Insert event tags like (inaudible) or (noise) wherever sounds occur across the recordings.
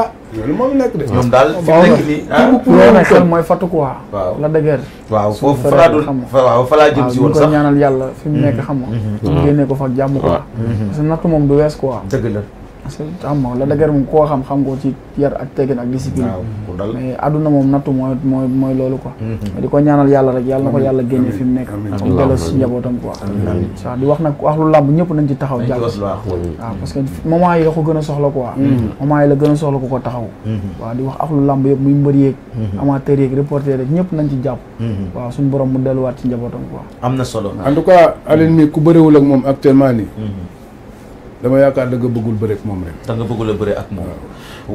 ah moom daal fi nekk ah. mooy fatu quoi. waaw la dëgër. waaw foofu fa laa doon waaw fa laa jëm si woon sax waaw ñu yàlla fi mu nekk mhm. xam nga. Mhm. Mhm. génnee ko fa jàmm quoi. parce que natt moom du wees ko dëgg parce que xam nga la dëgër moom koo xam xam ko ci yar ak teggin ak discipline. mais adduna moom nattu mooy mooy mooy loolu quoi. Mm-hmm. di ko ñaanal yàlla rek yàlla na ko yàlla génne fi mu nekk. amiin delloo si njabootam quoi. amiin la ko gën a soxla mm-hmm. la gën a soxla ko ko taxaw. Mm-hmm. waaw di wax ak lu làmb yëpp muy mbër yeeg. amateur yeeg reporter rek nañ ci jàpp. waaw suñu borom mu delluwaat ci njabootam quoi. am na solo en tout cas Aline mi ku bëriwul ak moom actuellement nii dama yaakaar da bëggul bëri ak moom rek. da nga bëggul a bëri ak moom.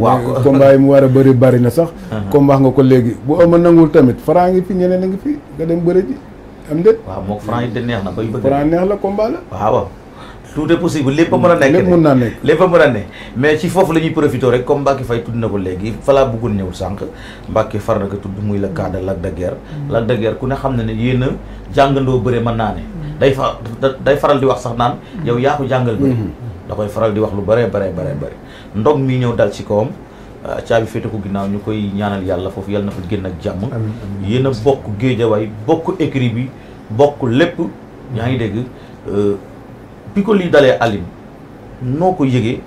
waaw combat yi mu war a bëri bari na sax. Uh-huh. comme nga ko léegi bu ëmb nanguwul tamit Franc ngi fi a ngi fi nga dem bëri ji am déet. neex na bay bëgg. Franc neex la combat la. waaw tout est possible lépp a mën a nekk lépp mën naa ne lépp a mën a nekk mais ci foofu la ñuy profité rek comme Mbacke fay tudd na ko léegi falaa bëggoon ñëw sànq Mbacke far na ko tudd muy le cas de Lac mm. ku ne xam na ne yéen a jàngandoo bëre mën naa ne day fa day faral di wax sax naan mm-hmm. yow yaa ko jàngal bëri mm-hmm. da koy faral di wax lu bëree bare bari bëri ndog mi ñëw dal ci kawam ah, caabi féete ko ginnaaw ñu koy ñaanal yàlla foofu yàlla na fa génn ak jàmm yéen a bokk géejawaay bokk écrit bi bokk lépp ñaa ngi dégg euh, bi ko lii dalee alin noo ko yëgee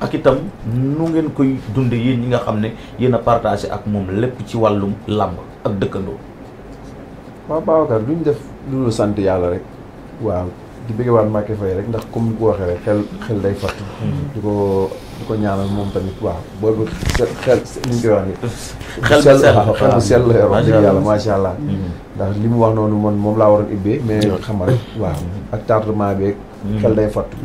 ak itam nu ngeen koy dunde yéen ñi nga xam ne yéen a partagé ak moom lépp ci wàllum làmb ak dëkkandoo waaw Babacar duñ def lu sant yàlla rek waaw di bëgg waat Mbacké Faye rek ndax comme ni ko waxee rek xel xel day fàtt mm-hmm. di ko di ko ñaanal moom tamit waaw boobu xel ni ñu koy wax nii yàlla macha allah mm-hmm. ndax li mu wax noonu man moom laa waroon ubbee mais xamal waaw ak tardement beeg mm-hmm. xel day fàttu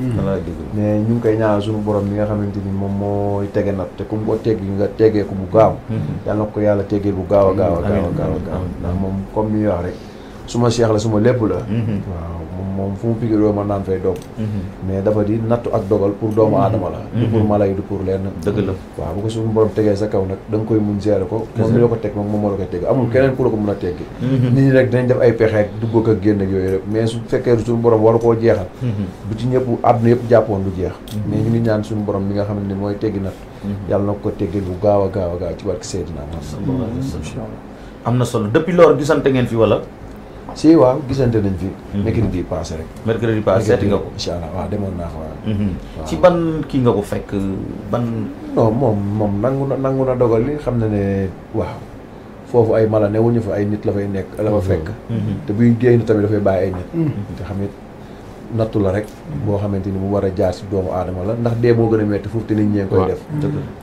mais ñu ngi koy ñaanal suñu borom bi nga xamante ni moom mooy tege nat te comme ko teggi nga tegee ko bu gaaw yàlla na ko yàlla tegee bu gaaw a gaaw a gaaw a gaaw a gaaw ndax moom comme ni ñu wax rek suma cheikh la suma lépp la. Mhm. waaw moom moom fu mu pikiroo ma naan fay doom. Mhm. mais dafa di nattu ak dogal pour doomu mhm. aadama la. du pour mala du pour lenn. dëgg la waaw bu ko suñu tegee sa kaw nag da nga koy mun gérer ko. moom mi la ko teg moo la ko teg amul keneen ku la ko mun a teggi. nit ñi rek dinañ def ay pexe ak dugg ak génn yooyu mais su fekkee suñu borom waru koo jeexal. bu ci ñëpp àdduna yëpp jàppoon du jeex. mais ñu ngi ñaan suñu borom mi nga xam ne mooy teggi natt. yàlla na ko teggi bu gaaw a gaaw a gaaw ci barke Seydina am na si waaw gisante nañ fi. Mhm. mercredi passé rek. mercredi passé seeti nga ko incha allah waaw demoon naa fa waaw. ci mhm. ban kii nga ko fekk ban. non moom moom nangu na nangu na dogal li xam na ne waaw foofu ay mala newuñu fa ay nit la fay nekk. la fa fekk. Mhm. te buy génn tamit dafay bàyyi ay nit. Mm. te xam it nattu la rek boo xamante ni mu war a jaar si doomu aadama la ndax dee moo gën a metti foofu te nit ñee koy def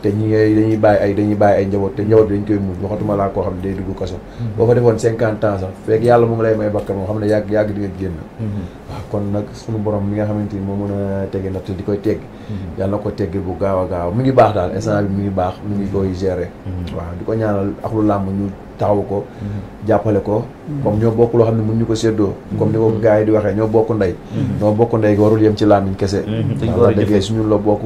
te ñi ngay dañuy bàyyi ay dañuy bàyyi ay njaboot te njaboot bi dañ koy muñ waxatuma laa koo xam ne day dugg kaso mm-hmm. boo fa defoon cinquante ans sax fekk xam ne yàgg yàgg di nga génn mm-hmm. kon nag suñu borom mi nga xamante ni moo mën a teggi natt di koy tegg mm-hmm. yàlla na ko teggi bu gaaw a gaaw mi ngi baax daal instant bi mi ngi baax mi ngi koy gérer waaw di ko ñaanal ak lu làmb ñu taxaw ko jàppale ko comme ñoo bokk loo xam ne mun ñu ko séddoo comme ni ko gaa yi di waxee ñoo bokk ndey ñoo bokk ndey warul yem ci làmmiñ kese mm-hmm. wax dëgg suñu la bokk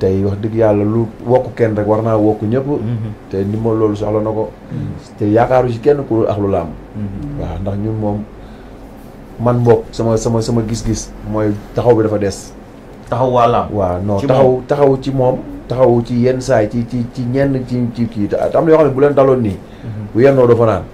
tey wax dëgg yàlla lu wokk kenn war naa wokk ñëpp mm-hmm. te ni loolu soxla na ko mm-hmm. te yaakaaru ci kenn ku ak lu làmb ndax ñun moom man mbokk sama sama sama gis-gis mooy taxaw bi dafa des taxaw waa làmb taxaw taxaw ci moom taxaw ci yenn saay ci ci ci ñenn ci ci kii te am na yoo xam ne bu leen daloon nii mhm. bu yennoo dafa naan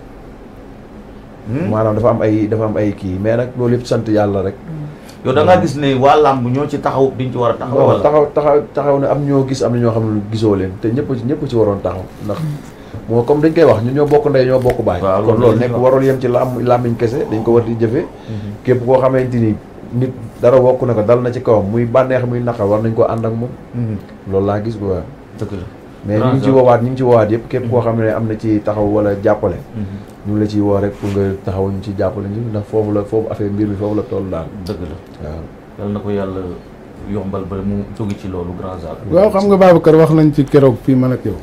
hmm? maanaam dafa am ay dafa am ay kii mais nag loolu yëpp sant yàlla rek hmm. yow da ngaa gis ne waa làmb ñoo ci taxaw diñ ci war a taxaw wala taxaw taxaw am ñoo gis am na ñoo xam ne gisoo leen te ñëpp ci ñëpp ci waroon taxaw ndax hmm. moo comme dañ koy wax ñu ñoo bokk ndey ñoo bokk baay kon loolu nekk warul yem ci làmb làmmiñ kese dañ ko war di jëfee képp koo xamante ni nit dara wokk na ko dal na ci kawam muy bànneex muy naqar war nañ ko ànd ak moom. Mhm. loolu laa gis quoi. dëgg la mais ñu ngi ci woowaat ñu ngi ci woowaat yëpp képp koo mhm. xam ne am na ci taxaw wala jàppale. Mhm. ñu ngi la ciy woo rek pour nga taxaw ñu ci jàppale ñu ndax foofu la foofu affaire mbir mi foofu la toll daal. dëgg la na ko yàlla yombal ba mu jóge ci loolu grand salle. waaw xam nga Babacar wax nañ ci keroog fii man ak yow.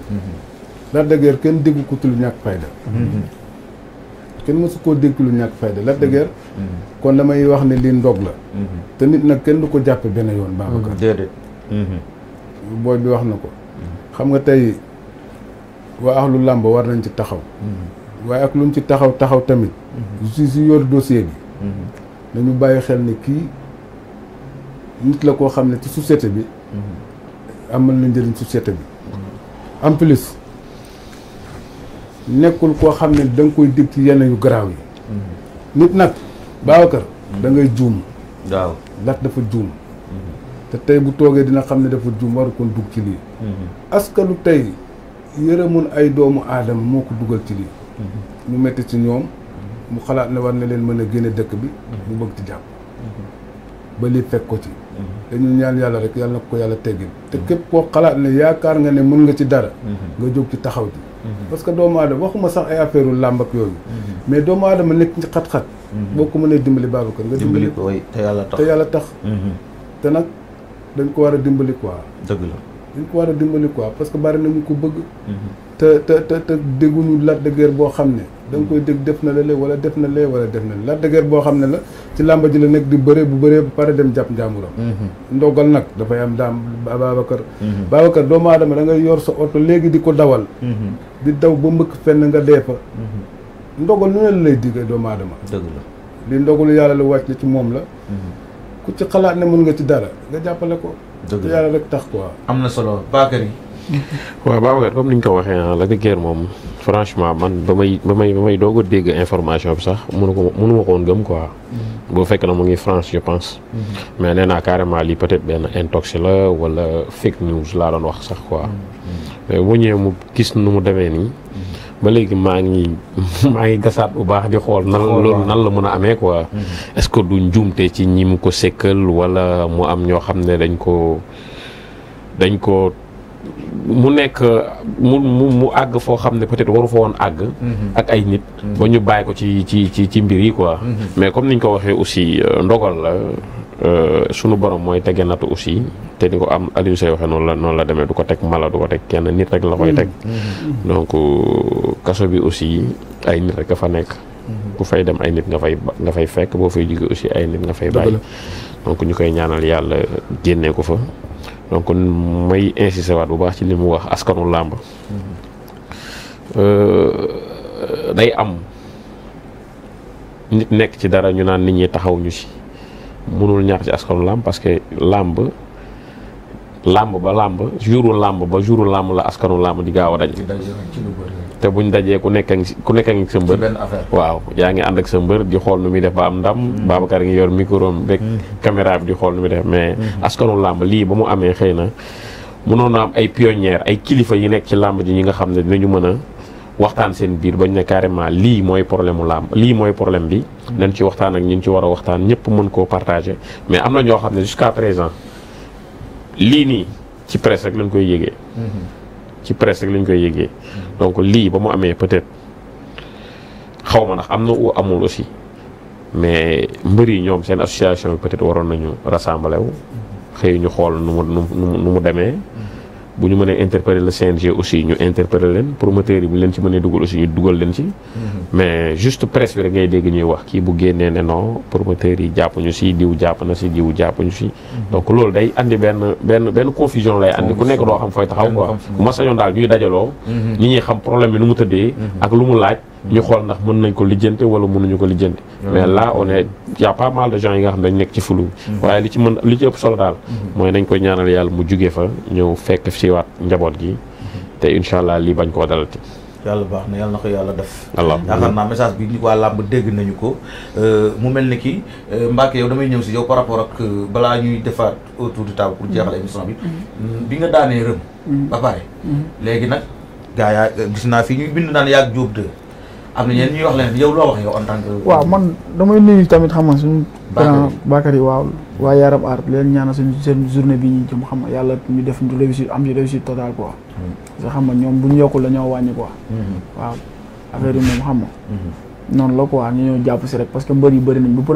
la dëgër kenn déggu ku tul ñàkk fayda kenn mësu koo dégg lu ñàkk fayda Lac de mm-hmm. Mm-hmm. kon damay wax ne lii ndog la mm-hmm. te nit nag kenn du ko jàppe benn yoon Babacar déedéet booy bi wax na ko xam nga tey waa ahlu làmb war nañ ci taxaw waaye ak luñ ci taxaw taxaw tamit si si yor dossier bi nañu bàyyi xel ne kii nit la koo xam ne ci société bi amal na njëriñ société bi en plus nekkul koo xam ne da nga koy dégg ci yenn yu garaaw yi. nit nag Babacar. Mm-hmm. da ngay juum. waaw lat dafa juum. Mm-hmm. te tey bu toogee dina xam ne dafa juum waru kon dugg ci lii. askanu mm-hmm. tey yërëmul ay doomu aadama moo ko dugal ci lii. mu métti ci ñoom mu xalaat ne war na leen mën a génne dëkk bi. mu bëgg ci jàpp. ba lii fekk ko ci mm-hmm. dañu ñaan yàlla rek yàlla na ko yàlla teggin mm-hmm. te képp koo xalaat ne yaakaar nga ne mun nga ci dara mm-hmm. nga jóg ci taxaw ji parce que doomu aadama waxuma sax ay affaire u làmb yooyu mais doomu aadama nekk ci xat-xat boo ko mënee dimbali Babacar nga dimbali ko te yàlla tax te yàlla tax te nag dañ ko war a dimbali quoi dëgg dañ ko war a dimbali quoi parce que bari nañu ko bëgg te te te te dégguñu Lac boo xam ne da koy dégg def na la lee wala def na lee wala def na lee boo xam ne la ci làmba ji la nekk di bëree bu bëree ba pare dem jàpp njaamuram mhm. ndogal nag dafay am daam Babacar mhm. Babacar doomu adama da ngay yor sa oto léegi di ko dawal mhm. di daw ba mbëkk fenn nga dee fa ndogal lu ne la lay digee doomu aadama dëgg la li ndogalu yàlla lu wàcc ci moom la ku ci xalaat ne mën nga ci dara nga jàppale ko te yàlla rek tax ko am na solo Bakary waaw Babacar comme ni nga ko waxee ah la de guerre moom franchement man ba may ba may ba may doog a dégg information bi sax mënu ko mënu mm-hmm. fekk na mu ngi France je pense. Mm-hmm. mais nee carrément lii peut-être intox la wala fake news laa doon wax sax quoi. Mm-hmm. mais bu ñëwee mu gis nu mu demee nii. ba léegi maa ngi (laughs) maa ngi gasaat bu baax di xool nan loolu nan la mën quoi. est-ce que du ci ñi mu ko wala mu am ñoo xam ne dañ ko dañ ko. mu nekk mu mu àgg foo xam ne peut-être waru fa woon àgg. Mhm. ak ay nit. Mhm. ba ñu bàyyi ko ci ci ci ci mbir yi quoi. Mhm. mais comme niñ ko waxee aussi euh, ndogal la. Euh, sunu borom mooy tege natu aussi te ni ko am Aliou Seye noonu la noonu la demee du ko teg mala du ko teg kenn nit rek la koy teg. donc euh, kaso bi aussi ay nit rek a fa nekk. ku fay dem ay nit nga fay nga fay fekk boo fay jóge aussi ay nit nga fay bàyyi. donc ñu koy ñaanal yàlla génnee ko fa. donc may insisté waat bu baax ci li mu wax askanu làmb euh, day am nit nekk ci dara ñu naan nit ñi taxaw ñu ci mënul ñaar ci askanu làmb parce que làmb làmb ba làmb jouru làmb ba jouru làmb la askanu làmb di gaaw a dañ te buñ dajee ku nekk ku nekk ak sa mbër waaw yaa ngi ànd ak sa mbër di xool nu muy def ba am ndam mm-hmm. Babacar ngi yor micro am beeg mm-hmm. bi di xool nu muy def mais mm-hmm. askanu làmb lii ba mu amee xëy na mënoon am ay pionnière ay kilifa yi nekk ci làmb ji ñi nga xam ne dinañu mën a waxtaan seen biir bañ ne carrément lii mooy problème mu làmb lii mooy problème bi nañ ci waxtaan ak ñu ñun ci war a waxtaan ñëpp mën koo partager mais am na ñoo xam ne jusqu'à présent lii nii ci presse lañ koy yégee ci presque rek koy yëgee donc lii ba mu amee peut-être xaw ma ndax am na ou amul aussi mais mbër yi ñoom seen association bi peut-être waroon nañu rassembler wu xëy ñu xool nu mu nu mu nu mu demee. bu ñu mënee interpeller le CNG aussi ñu interpeller leen promoteurs yi bu leen ci mënee dugal aussi ñu dugal leen ci. Mm-hmm. mais juste presse bi rek ngay dégg ñuy wax kii bu génnee ne non promoteurs yi jàpp ñu si diw jàpp na si diw jàpp ñu si. Mm-hmm. donc loolu day andi benn benn benn confusion lay andi ku nekk doo xam fooy taxaw quoi. ma sañoon daal ñuy dajaloo. Mm-hmm. ñi ñuy xam problème bi nu mu tëddee. ak lu mu laaj. ñu xool ndax mën nañ ko lijjanti wala mënuñu ko lijjanti mm-hmm. mais là on est y a pas mal de gens yi nga xam ne dañ nekk ci flou mm-hmm. waaye li ci mën li ci ëpp solo daal mm-hmm. mooy nañ ko ñaanal yàlla mu jugee fa ñëw fekk si waat njaboot gi te incha allah lii bañ koo dalati yàlla baax na yàlla na ko yàlla def yaakaar naa message bi ñu waa làmb dégg nañu ko euh, mu mel ni ki euh, Mbacke yow damay ñëw si yow par euh, balaa ñuy defaat autour du table pour jeexal mm, bi nga daanee rëm ba pare léegi nag gaa yaa gis naa fii ñuy bind naan yaag Diop 2 am na ñenn ñuy wax leen yow loo wax yow en tant que. waaw man damay nuyu tamit xam suñu. grand Bakary waaw. waaye yaram aar leen ñaanal suñu seen journée bi ñu jëm xam nga yàlla ñu def ñu réussite am ci réussite totale quoi. Mm-hmm. parce que xam nga ñoom bu ñu yokkul la ñoo wàññi quoi. Mm-hmm. waaw affaire yi moom xam nga. Mm-hmm. noonu la quoi ñu ñëw jàpp si rek parce que mbër yi bëri nañ bu